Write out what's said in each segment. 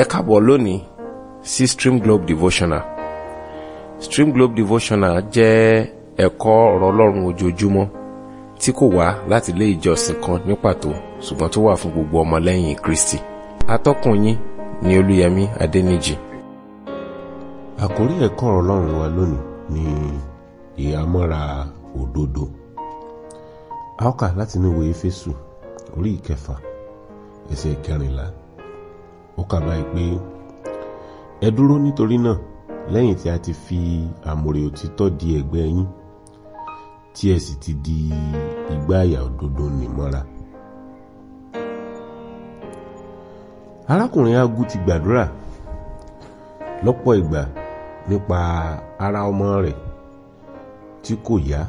ẹ káàbọ̀ lónìí sí Stream Globe Devotional Stream Globe Devotional jẹ́ ẹ̀kọ́ ọ̀rọ̀ ọlọ́run ojoojúmọ́ tí kò wá láti ilé ìjọsìn kan ní pàtó ṣùgbọ́n tó wà fún gbogbo ọmọlẹ́yìn Kristi atọ́kùn yín ni Olúyẹmí Adẹ́nìjì. àkórí ẹ̀kọ́ ọ̀rọ̀ ọlọ́run wa lónìí ni ìhámọ́ra òdodo a ó kà látinú ìwé Éfésù orí ìkẹfà ẹsẹ̀ ìkẹrìnlá ó kà báyìí pé ẹ dúró nítorí náà lẹ́yìn tí a ti fi àmùrè òtítọ́ di ẹ̀gbẹ́ yín tí ẹ sì ti di ìgbáàyà òdodo nìmọ́ra. arákùnrin agu ti gbàdúrà lọ́pọ̀ ìgbà nípa ara ọmọ rẹ̀ tí kò yá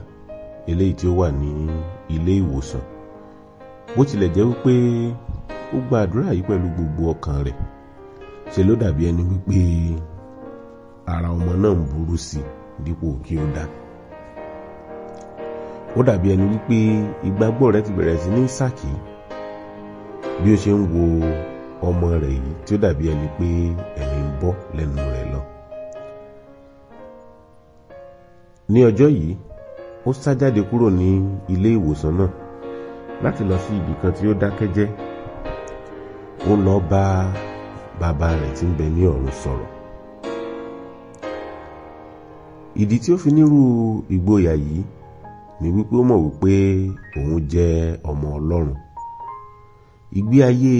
eléyìí tí ó wà ní ilé ìwòsàn bó tilẹ̀ jẹ́ wípé ó gba àdúrà yìí pẹ̀lú gbogbo ọkàn rẹ̀ ṣe ló dàbí ẹni wípé ara ọmọ náà ń burú sí i dípò kí ó dá ó dàbí ẹni wípé ìgbàgbọ́ rẹ̀ ti bẹ̀rẹ̀ sí ní sàkí bí ó ṣe ń wo ọmọ rẹ̀ yìí tí ó dàbí ẹni pé ẹ̀mí ń bọ́ lẹ́nu rẹ̀ lọ ní ọjọ́ yìí ó sá jáde kúrò ní ilé ìwòsàn náà láti lọ sí ibì tí ó dákẹ́jẹ́ ó lọ bá bàbá rẹ̀ tí ń bẹ ní ọ̀run sọ̀rọ̀ ìdí tí ó fi nírú ìgboyà yìí ni wípé ó mọ̀ wípé òun jẹ́ ọmọ ọlọ́run ìgbé ayé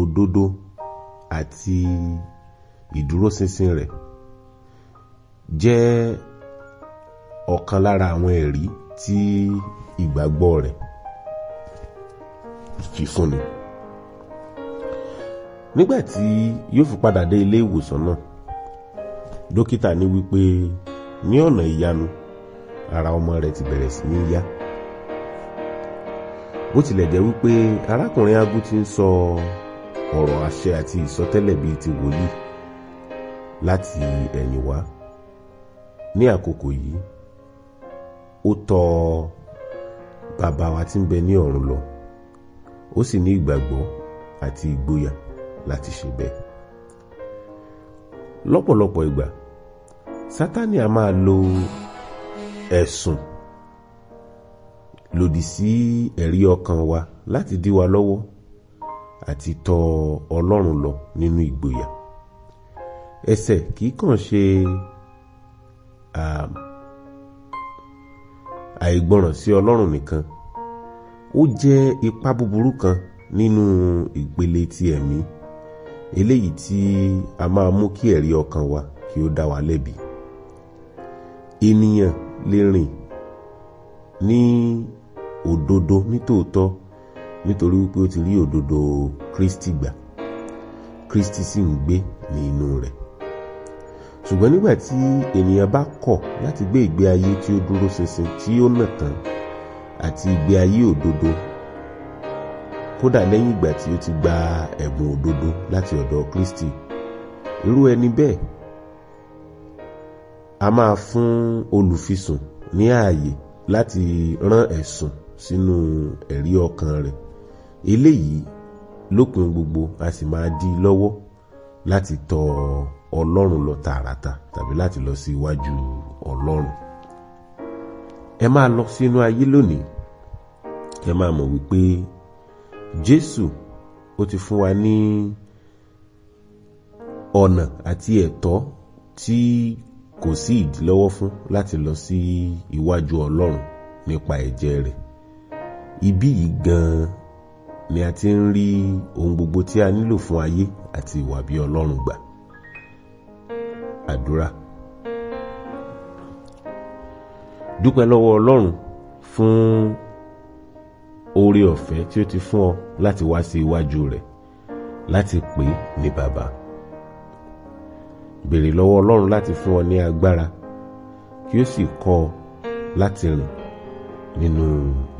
òdodo àti ìdúróṣinṣin rẹ̀ jẹ́ ọ̀kan lára àwọn ẹ̀rí tí ìgbàgbọ́ rẹ̀ kì fúnni nígbà tí yóò fi padà dé ilé ìwòsàn náà dókítà ní wípé ní ọ̀nà ìyanu ara ọmọ rẹ̀ ti bẹ̀rẹ̀ sí ní yá bó tilẹ̀ jẹ́ wípé arákùnrin agu ti ń sọ ọ̀rọ̀ àṣẹ àti ìsọtẹ́lẹ̀ bíi ti wòlíì láti ẹ̀yìn wá ní àkókò yìí ó tọ̀ bàbá wa tí ń bẹ ní ọ̀run lọ ó sì ní ìgbàgbọ́ àti ìgboyà láti ṣe bẹ́ẹ̀. lọ́pọ̀lọpọ̀ ìgbà sátani a máa lo ẹ̀sùn lòdì sí ẹ̀rí ọkàn wa láti dí wa lọ́wọ́ àti tọ̀ ọlọ́run lọ nínú ìgboyà ẹ̀ṣẹ̀ kìí kàn ṣe àìgbọràn sí ọlọ́run nìkan ó jẹ́ ipá búburú kan nínú ìpele ti ẹ̀mí. E eléyìí tí a máa mú kí ẹ̀rí ọkàn wa kí ó dá wa lẹ́bi ènìyàn lè rìn ní òdodo nítòótọ́ nítorí wípé ó ti rí òdodo Kristi gbà Kristi sì ń gbé ní inú rẹ̀ ṣùgbọ́n nígbà tí ènìyàn bá kọ̀ láti gbé ìgbé ayé tí ó dúró ṣinṣin tí ó nà tán àti ìgbé ayé òdodo kódà lẹ́yìn ìgbà tí ó ti gba ẹ̀bùn òdodo láti ọ̀dọ̀ Kristi irú ẹni bẹ́ẹ̀ a máa fún olùfisùn ní ààyè láti rán ẹ̀sùn sínú ẹ̀rí ọkàn rẹ̀ eléyìí lópin gbogbo a sì máa dí lọ́wọ́ láti tọ̀ Ọlọ́run lọ tààràtà tàbí láti lọ sí iwájú Ọlọ́run ẹ máa lọ sínú ayé lónìí ẹ máa mọ̀ wípé jésù ó ti fún wa ní ọ̀nà àti ẹ̀tọ́ tí kò sí ìdílọ́wọ́ fún láti lọ sí iwájú ọlọ́run nípa ẹ̀jẹ̀ rẹ̀ ibí yìí gan-an ni a ti ń rí ohun gbogbo tí a nílò fún ayé àti ìwà bí ọlọ́run gbà àdúrà dúpẹ́ lọ́wọ́ ọlọ́run fún oore ọ̀fẹ́ tí ó ti fún ọ láti wá sí iwájú rẹ̀ láti pè é ní bàbá béèrè lọ́wọ́ ọlọ́run láti fún ọ ní agbára kí ó sì kọ́ ọ láti rìn nínú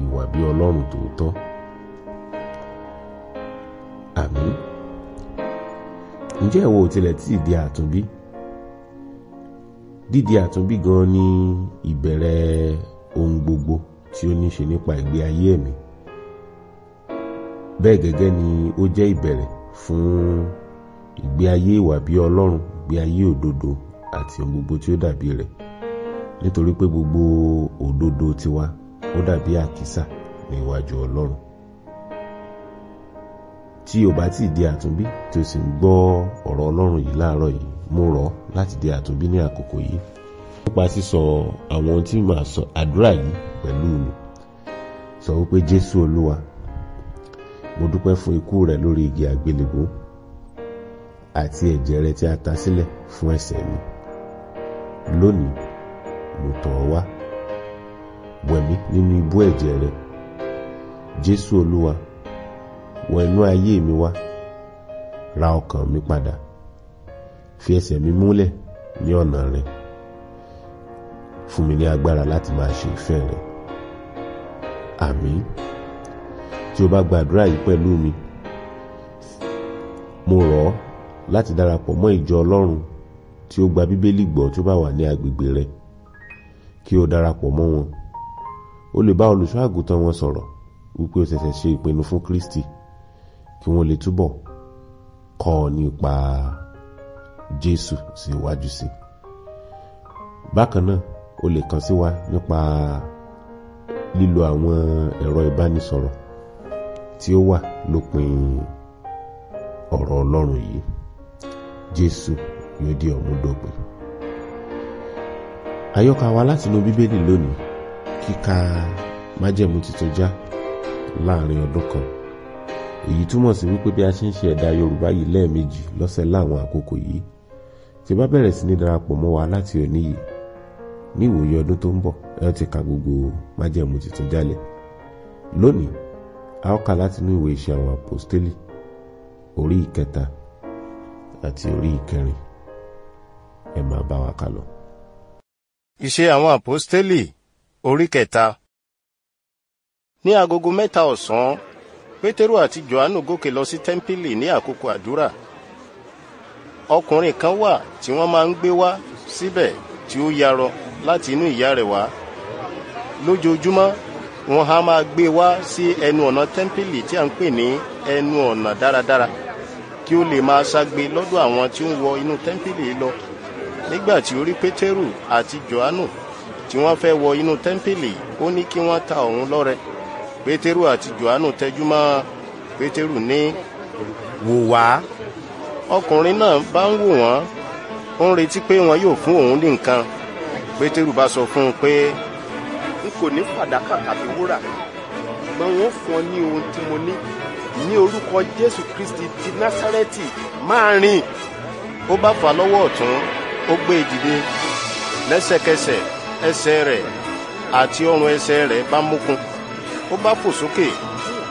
ìwà bí ọlọ́run tòótọ́ àmín ǹjẹ́ ìwọ ò tilẹ̀ tí ì àtúnbí dídi àtúnbí gan ni ìbẹ̀rẹ̀ ohun gbogbo tí ó ní ṣe nípa ìgbé ayé ẹ̀mí. E bẹ́ẹ̀ gẹ́gẹ́ ni ó jẹ́ ìbẹ̀rẹ̀ fún ìgbé ayé ìwà bí ọlọ́run ìgbé ayé òdodo àti ohun gbogbo tí ó dàbí rẹ̀ nítorí pé gbogbo òdodo tiwa ó dàbí àkísà ní iwájú ọlọ́run tí o bá ti di àtúnbí tí o sì ń gbọ́ ọ̀rọ̀ ọlọ́run yìí láàárọ̀ yìí mo rọ̀ láti di àtúnbí ní àkókò yìí nípa sísọ àwọn tí màá sọ àdúrà yìí pẹ̀lú mi sọ wípé jésù olúwa mo dúpẹ́ fún ikú rẹ lórí igi àgbélébó àti ẹ̀jẹ̀ rẹ tí a ta sílẹ̀ fún ẹ̀ṣẹ̀ mi lónìí mo tọ̀ ọ́ wá wẹ̀ mí nínú ibú ẹ̀jẹ̀ rẹ jésù olúwa wọ inú ayé mi wá ra ọkàn mi padà fi ẹsẹ̀ mi múlẹ̀ ní ọ̀nà rẹ fún mi ní agbára láti máa ṣe ìfẹ́ rẹ àmín tí o bá gbàdúrà yìí pẹ̀lú mi mo rọ̀ ọ́ láti darapọ̀ mọ́ ìjọ ọlọ́run tí ó gba bíbélì gbọ́ tí ó bá wà ní agbègbè rẹ kí o darapọ̀ mọ́ wọn o lè bá olùṣọ́ àgùntàn wọn sọ̀rọ̀ wípé o ṣẹ̀ṣẹ̀ ṣe ìpinnu fún Kristi kí wọ́n lè túbọ̀ kọ́ ọ nípa Jésù sí iwájú sí bákan náà o lè kàn sí wa nípa lílo àwọn ẹ̀rọ ìbánisọ̀rọ̀ 0800 tí ó wà lópin ọ̀rọ̀ ọlọ́run yìí jésù yóò di ọ̀múndógún àyọkà wa látinú bíbélì lónìí kíka májẹ̀mú tuntun já láàrin ọdún kan èyí túmọ̀ sí wípé bí a ṣe ń ṣe ẹ̀dà yorùbá yìí lẹ́ẹ̀mejì lọ́sẹ̀ láwọn àkókò yìí tí bá bẹ̀rẹ̀ sí ní darapọ̀ mọ́ wa láti òní yìí ní ìwòye ọdún tó ń bọ̀ ẹ ti ka gbogbo májẹ̀mú tuntun jálẹ̀ lónìí a ó kà látinú ìwé iṣẹ́ àwọn àpòstélì orí ìkẹta àti orí ìkẹrin ẹ máa bá wa kà lọ. ìṣe àwọn àpòstélì orí kẹta. ní agogo mẹ́ta ọ̀sán pétérù àti johannu gòkè lọ sí tẹ́ḿpìlì ní àkókò àdúrà ọkùnrin kan wà tí wọ́n máa ń gbé wá síbẹ̀ tí ó yarọ láti inú ìyá rẹ̀ wá lójoojúmọ́ wọ́n á máa gbé wá sí ẹnu ọ̀nà tẹ́ḿpìlì tí a ń pè ní ẹnu ọ̀nà dáradára kí ó lè máa ságbe lọ́dọ̀ àwọn tí ń wọ inú tẹ́ḿpìlì lọ nígbà tí ó rí pétérù àti johannu tí wọ́n fẹ́ wọ inú tẹ́ḿpìlì ó ní kí wọ́n ta òun lọ́rẹ pétérù àti johannu tẹjú mọ́ pétérù ní. wò wá. ọkùnrin náà bá ń wò wọ́n ó ń retí pé wọn yóò fún òun ní nǹkan pétérù bá sọ fún un pé. Pe kò ní fàdákà tàbí wúrà ṣùgbọ́n wọ́n fún ọ ní ohun tí mo ní ní orúkọ jésù kristi ti násárẹ́tì máa rìn. ó bá fà á lọ́wọ́ ọ̀tún ó gbé e dìde lẹ́sẹ̀kẹsẹ̀ ẹsẹ̀ rẹ̀ àti ọrùn ẹsẹ̀ rẹ̀ bá mókun ó bá fò sókè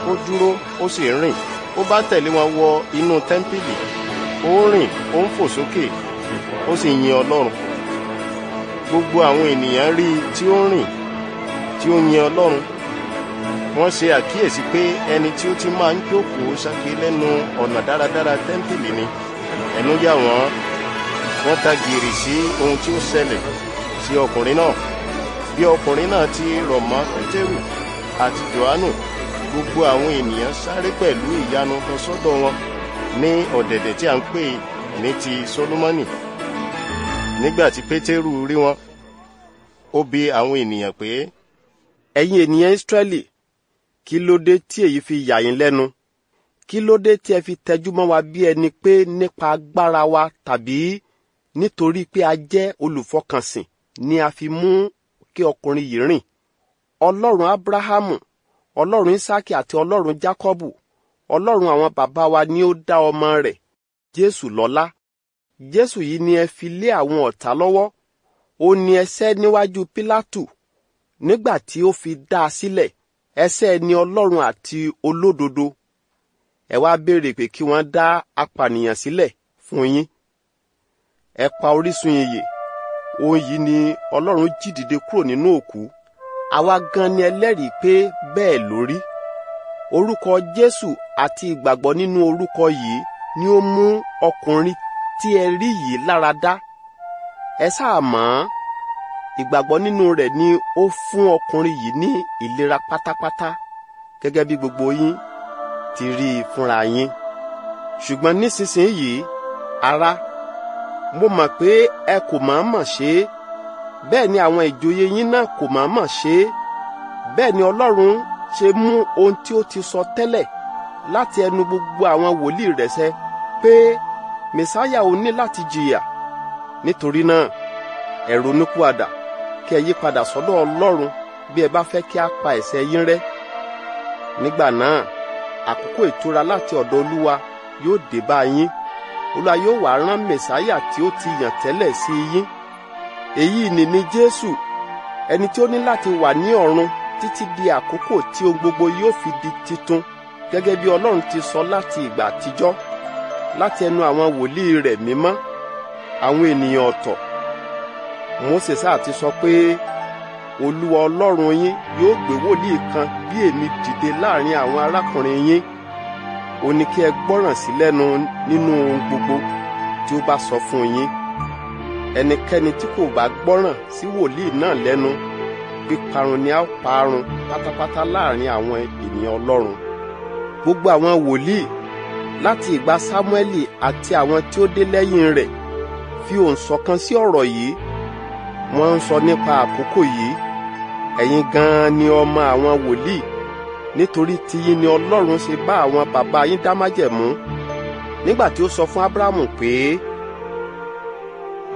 ó dúró ó sì rìn ó bá tẹ̀lé wọn wọ inú tẹ́ḿpìlì ó rìn ó ń fò sókè ó sì yin ọlọ́run gbogbo àwọn ènìyàn rí i tí ó rìn tí ó yin Ọlọ́run wọ́n ṣe àkíyèsí pé ẹni tí ó ti máa ń jókòó sáké lẹ́nu ọ̀nà dáradára tẹ́ḿpìlì ni ẹnu yà wọ́n wọ́n ta gìrì sí ohun tí ó ṣẹlẹ̀ sí ọkùnrin náà bí ọkùnrin náà ti rọ̀ mọ́ pétérù àti johannu gbogbo àwọn ènìyàn sáré pẹ̀lú ìyanu kan sọ́dọ̀ wọn ní ọ̀dẹ̀dẹ̀ tí a ń pè ní ti solomoni nígbà tí pétérù rí wọn ó bi àwọn ènìyàn pé ẹ̀yin ènìyàn Ísírẹ́lì kí ló dé tí èyí fi yà yín lẹ́nu kí ló dé tí ẹ fi tẹjú mọ́ wa bí ẹni pé nípa agbára wa tàbí nítorí pé a jẹ́ olùfọkànsìn ni a fi mú kí ọkùnrin yìí rìn ọlọ́run abrahamu ọlọ́run isaki àti ọlọ́run jacobu ọlọ́run àwọn bàbá wa ni ó dá ọmọ rẹ̀ jésù lọ́lá jésù yìí ni ẹ fi lé àwọn ọ̀tá lọ́wọ́ ó ní ẹsẹ́ níwájú pílátù nígbà tí ó fi dá a sílẹ̀ ẹsẹ̀ ni ọlọ́run àti olódodo ẹ wá béèrè pé kí wọ́n dá apànìyàn sílẹ̀ fún yín ẹ pa orísun ìyè òun yìí ni ọlọ́run jí dìde kúrò nínú òkú àwa gan ni ẹlẹ́rìí pé bẹ́ẹ̀ ló rí orúkọ jésù àti ìgbàgbọ́ nínú orúkọ yìí ni ó mú ọkùnrin tí ẹ rí yìí lára dá ẹ sáà mọ̀ ọ́n ìgbàgbọ́ nínú rẹ̀ ni ó fún ọkùnrin yìí ní ìlera pátápátá gẹ́gẹ́ bí gbogbo yín ti rí i fúnra yín ṣùgbọ́n nísinsìnyí ará mo mọ̀ pé ẹ kò mọ̀ọ́mọ̀ ṣe é bẹ́ẹ̀ ni àwọn ìjòyè yín náà kò mọ̀ọ́mọ̀ ṣe é bẹ́ẹ̀ ni ọlọ́run ṣe mú ohun tí ó ti sọ tẹ́lẹ̀ láti ẹnu gbogbo àwọn wòlíì rẹ̀ ṣẹ pé mẹsáyà ò ní láti jìyà nítorí náà ẹ ronúpìwàdà kí ẹ yí padà sọ́dọ̀ Ọlọ́run bí ẹ bá fẹ́ kí a pa ẹ̀ṣẹ̀ yín rẹ́ nígbà náà àkókò ìtura láti ọ̀dọ̀ Olúwa yóò dé bá yín Olúwa yóò wá rán Mèsáyà tí ó ti yàn tẹ́lẹ̀ sí yín èyí ni ní Jésù ẹni tí ó ní láti wà ní ọ̀run títí di àkókò tí ohun gbogbo yóò fi di titun gẹ́gẹ́ bí Ọlọ́run ti sọ láti ìgbà àtijọ́ láti ẹnu àwọn wòlíì rẹ̀ mímọ́ àwọn ènìyàn ọ̀tọ̀ Mósè sáà ti sọ pé olúwa ọlọ́run yín yóò gbé wòlíì kan bí èmi dìde láàrin àwọn arákùnrin yín ó ní kí ẹ gbọ́ràn sí lẹ́nu nínú ohun gbogbo tí ó bá sọ fún yín ẹnikẹ́ni tí kò bá gbọ́ràn sí wòlíì náà lẹ́nu píparun ni a ó parun pátápátá láàrin àwọn ènìyàn ọlọ́run gbogbo àwọn wòlíì láti ìgbà Sámúẹ́lì àti àwọn tí ó dé lẹ́yìn rẹ̀ fi òǹsọ̀kan sí ọ̀rọ̀ yìí wọ́n ń sọ nípa àkókò yìí ẹ̀yin gan-an ni ọmọ àwọn wòlíì nítorí tiyín ni ọlọ́run ṣe bá àwọn bàbá yín dá májẹ̀mú nígbà tí ó sọ fún abrahamu pé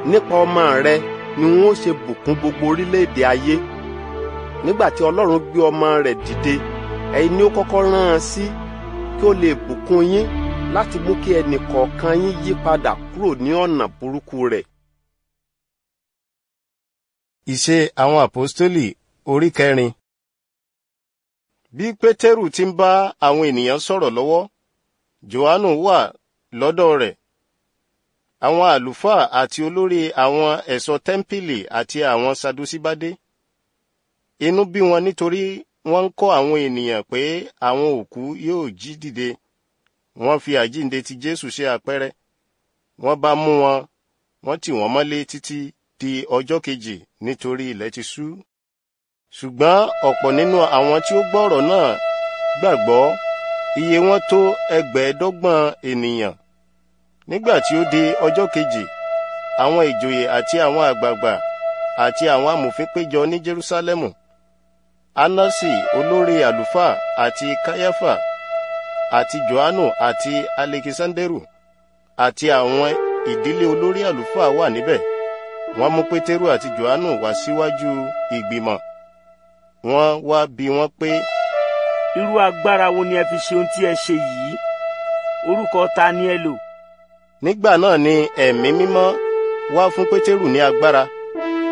nípa ọmọ rẹ ni wọn ó ṣe bùkún gbogbo orílẹ̀-èdè ayé nígbà tí ọlọ́run gbé ọmọ rẹ̀ dìde ẹ̀yin ni ó kọ́kọ́ rán an sí kí ó lè bùkún yín láti mú kí ẹnì kọ̀ọ̀kan yín yí padà kúrò ní ọ̀nà burúkú rẹ̀ Ìṣe àwọn àpọ́stólì orí kẹrin. Bí Pétérù ti ń bá àwọn ènìyàn sọ̀rọ̀ lọ́wọ́, Jòhánù wà lọ́dọ̀ rẹ̀. Àwọn àlùfáà àti olórí àwọn ẹ̀ṣọ́ tẹ́ḿpìlì àti àwọn Sadusí bá dé. Inú bí wọn nítorí wọ́n ń kọ́ àwọn ènìyàn pé àwọn òkú yóò jí dìde. Wọ́n fi àjínde ti Jésù ṣe àpẹẹrẹ. Wọ́n bá mú wọn, wọ́n tì wọ́n mọ́lé títí di ọjọ́ kejì nítorí ilẹ̀ ti ṣú. Ṣùgbọ́n ọ̀pọ̀ nínú àwọn tí ó gbọ́ ọ̀rọ̀ náà gbàgbọ́ iye wọn tó ẹgbẹ̀ẹ́dọ́gbọ̀n ènìyàn. Nígbà tí ó di ọjọ́ kejì, àwọn ìjòyè àti àwọn àgbààgbà àti àwọn amòfin péjọ ní Jerúsálẹ́mù. Anasi olórí àlùfáà àti Káyáfà àti Jòhánù àti Alekisanderu àti àwọn ìdílé olórí àlùfáà wà níbẹ̀ wọ́n mú pétérù àti johannu wá síwájú ìgbìmọ̀ wọ́n wá bi wọ́n pé. irú agbára wo ni ẹ fi ṣe ohun tí ẹ ṣe yìí orúkọ ta ni ẹ lò. nígbà náà ni ẹ̀mí mímọ́ wá fún pétérù ní agbára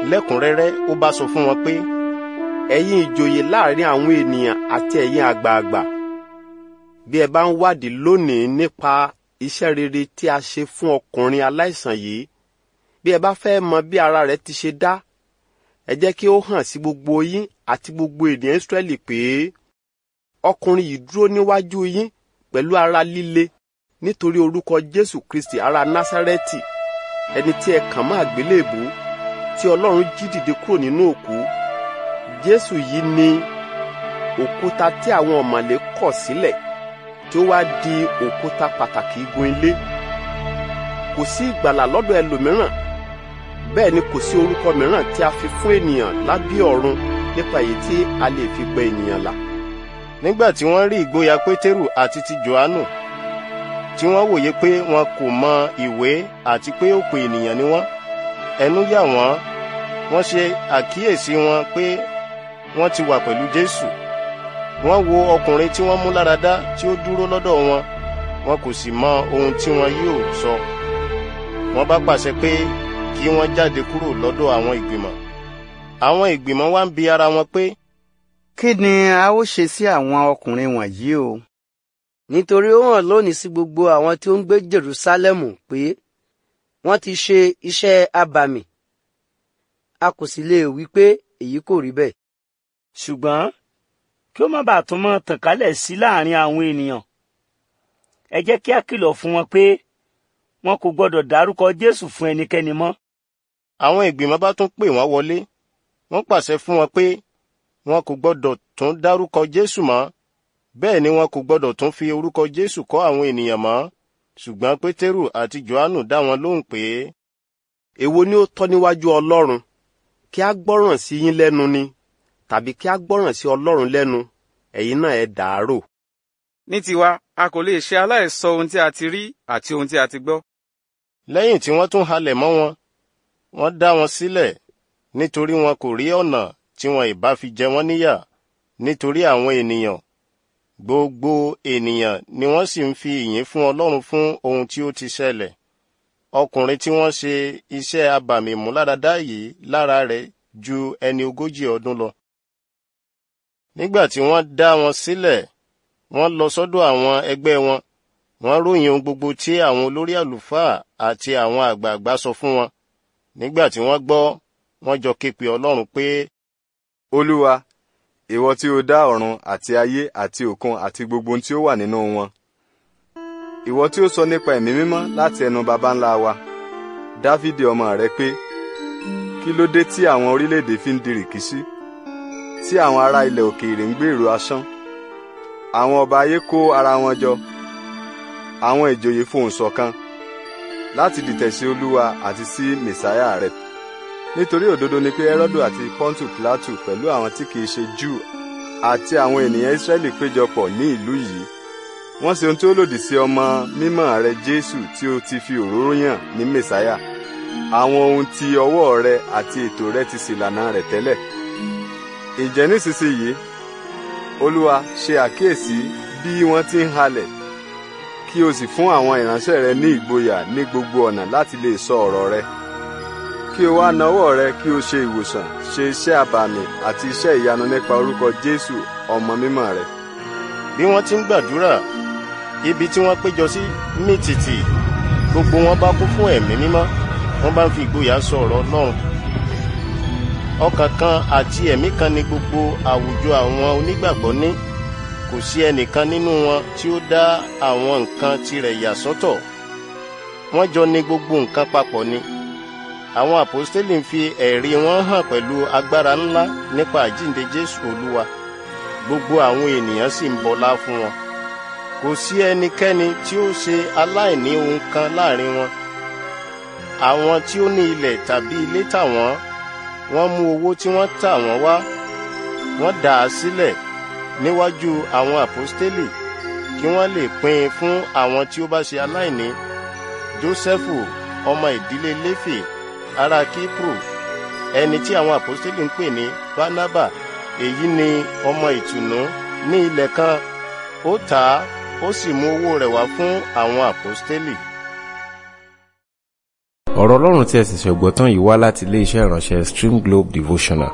lẹ́kùnrẹ́rẹ́ ó bá sọ fún wọn pé ẹ̀yin ìjòyè láàrin àwọn ènìyàn àti ẹ̀yin àgbààgbà bí ẹ bá ń wádìí lónìí nípa iṣẹ́ rere tí a ṣe fún ọkùnrin aláìsàn yìí bí ẹ bá fẹ́ mọ bí ara rẹ̀ ti ṣe dá ẹ jẹ́ kí ó hàn sí gbogbo yín àti gbogbo ènìyàn Ísírẹ́lì pé ọkùnrin yìí dúró níwájú yín pẹ̀lú ara líle nítorí orúkọ Jésù Kristi ará Násárẹ́tì ẹni tí ẹ kàn mọ́ àgbélébù tí Ọlọ́run jí dìde kúrò nínú òkú Jésù yìí ni òkúta tí àwọn ọ̀mọ̀lé kọ̀ sílẹ̀ tí ó wá di òkúta pàtàkì igun ilé kò sí ìgbàlà lọ́dọ̀ ẹlòmíràn bẹ́ẹ̀ ni kò sí orúkọ mìíràn tí a fi fún ènìyàn lábẹ́ ọ̀run nípa èyí tí a lè fi gbé ènìyàn là. nígbà tí wọ́n rí ìgboyà pétérù àti ti johannu tí wọ́n wòye pé wọn kò mọ ìwé àti pé òpè ènìyàn ni wọ́n ẹnu yà wọ́n wọ́n ṣe àkíyèsí wọn pé wọ́n ti wà pẹ̀lú jésù wọ́n wo ọkùnrin tí wọ́n mú láradá tí ó dúró lọ́dọ̀ wọn wọn kò sì mọ ohun tí wọn yóò sọ wọ́n bá pàṣẹ pé kí wọ́n jáde kúrò lọ́dọ̀ àwọn ìgbìmọ̀ àwọn ìgbìmọ̀ wá ń bi ara wọn pé. kí ni a ó ṣe sí àwọn ọkùnrin wọ̀nyí o. nítorí ó hàn lónìí sí gbogbo àwọn tí ó ń gbé Jerúsálẹ́mù pé wọ́n ti ṣe iṣẹ́ abàmì a kò sì lè wí pé èyí kò rí bẹ́ẹ̀. ṣùgbọ́n kí ó má bàa tún mọ́ tàn kálẹ̀ sí láàrin àwọn ènìyàn ẹ jẹ́ kí a kìlọ̀ fún wọn pé wọn kò gbọ́dọ̀ dárúkọ Jésù fún ẹnikẹ́ni mọ́ àwọn ìgbìmọ̀ bá tún pè wọ́n wọlé wọ́n pàṣẹ fún wọn pé wọn kò gbọ́dọ̀ tún dárúkọ Jésù mọ́ bẹ́ẹ̀ ni wọn kò gbọ́dọ̀ tún fi orúkọ Jésù kọ́ àwọn ènìyàn mọ́ ṣùgbọ́n Pétérù àti Jòhánù dá wọn lóhùn pé. èwo ni ó tọ́ níwájú Ọlọ́run kí a gbọ́ràn sí yín lẹ́nu ni tàbí kí a gbọ́ràn sí Ọlọ́run lẹ́nu ẹ̀yin náà ẹ dàárò. ní tiwa a kò lè ṣe aláìsọ ohun tí a ti rí àti ohun tí a ti gbọ́. lẹ́yìn tí wọ́n tún halẹ̀ mọ́ wọn wọ́n dá wọn sílẹ̀ nítorí wọn kò rí ọ̀nà tí wọn ìbá fi jẹ wọ́n níyà nítorí àwọn ènìyàn gbogbo ènìyàn ni wọ́n sì ń fi ìyìn fún Ọlọ́run fún ohun tí ó ti ṣẹlẹ̀ ọkùnrin tí wọ́n ṣe iṣẹ́ abàmì ìmúláradá yìí lára rẹ̀ ju ẹni ogójì ọdún lọ nígbà tí wọ́n dá wọn sílẹ̀ wọ́n lọ sọ́dọ̀ àwọn ẹgbẹ́ wọn wọ́n ròyìn ohun gbogbo tí àwọn olórí àlùfáà àti àwọn àgbààgbà sọ fún wọn nígbà tí wọ́n gbọ́ wọ́n jọ ké pe ọlọ́run pé. olúwa ìwọ tí o dá ọ̀run àti ayé àti òkun àti gbogbo ohun tí ó wà nínú wọn ìwọ tí ó sọ nípa ẹ̀mí mímọ́ láti ẹnu baba ńlá wa dávidi ọmọ rẹ pé kí ló dé tí àwọn orílẹ̀-èdè fi ń dirìkísí tí àwọn ará ilẹ̀ òkèèrè ń gbèrò asán àwọn ọba ayé kó ara wọn jọ àwọn ìjòyè fohùn ṣọ̀kan láti dìtẹ̀ sí olúwa àti sí mẹ̀sáyà rẹ̀ nítorí òdodo ni pé Hẹ́rọ́dù àti Pọ́ńtù Pílátù pẹ̀lú àwọn tí kìí ṣe Júù àti àwọn ènìyàn Ísírẹ́lì péjọpọ̀ ní ìlú yìí wọ́n ṣe ohun tí ó lòdì sí ọmọ mímọ́ rẹ Jésù tí ó ti fi òróró yàn ní mẹ̀sáyà àwọn ohun ti ọwọ́ rẹ àti ètò rẹ ti ṣìlànà rẹ̀ tẹ́lẹ̀ ìjẹ́ nísinsìnyí Olúwa ṣe àkíyèsí bí wọ́n ti ń halẹ̀ kí o sì fún àwọn ìránṣẹ́ rẹ ní ìgboyà ní gbogbo ọ̀nà láti lè sọ ọ̀rọ̀ rẹ kí o wá nawọ́ rẹ kí o ṣe ìwòsàn ṣe iṣẹ́ àbàmì àti iṣẹ́ ìyanu nípa orúkọ Jésù ọmọ mímọ́ rẹ. bí wọ́n ti ń gbàdúrà ibi tí wọ́n péjọ sí mì tìtì gbogbo wọn bá kún fún ẹ̀mí mímọ́ wọ́n bá ń fi ìgboyà sọ ọ̀rọ̀ ọkàn kan àti ẹ̀mí kan ni gbogbo àwùjọ àwọn onígbàgbọ́ ní kò sí ẹnìkan nínú wọn tí ó dá àwọn nǹkan tirẹ̀ yà sọ́tọ̀ wọ́n jọ ní gbogbo nǹkan papọ̀ ni àwọn àpòstélì ń fi ẹ̀rí wọn hàn pẹ̀lú agbára ńlá nípa àjíǹde Jésù Olúwa gbogbo àwọn ènìyàn sì ń bọlá fún wọn kò sí ẹnikẹ́ni tí ó ṣe aláìní ohun kan láàrin wọn àwọn tí ó ní ilẹ̀ tàbí ilé tà wọ́n mú owó tí wọ́n tà wọ́n wá wọ́n dà á sílẹ̀ níwájú àwọn àpọ́stélì kí wọ́n lè pín in fún àwọn tí ó bá ṣe aláìní jósẹ́fù ọmọ ìdílé léfì ará kíprù ẹni tí àwọn àpọ́stélì ń pè ní bánábà èyí ni ọmọ ìtùnú ní ilẹ̀ kan ó tà á ó sì mú owó rẹ̀ wá fún àwọn àpọ́stélì. ọ̀rọ̀ ọlọ́run tí ẹ sì ṣẹ̀gbọ́n tán yìí wá láti iléeṣẹ́ ìránṣẹ́ stream globe devotional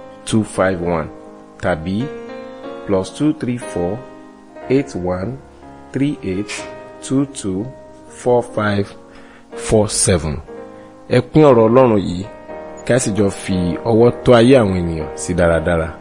two five one tàbí plus two three four eight one three eight two two four five four seven. ẹ pín ọ̀rọ̀ ọlọ́run yìí ká sì jọ fi ọwọ́ tó ayé àwọn ènìyàn sí dáradára.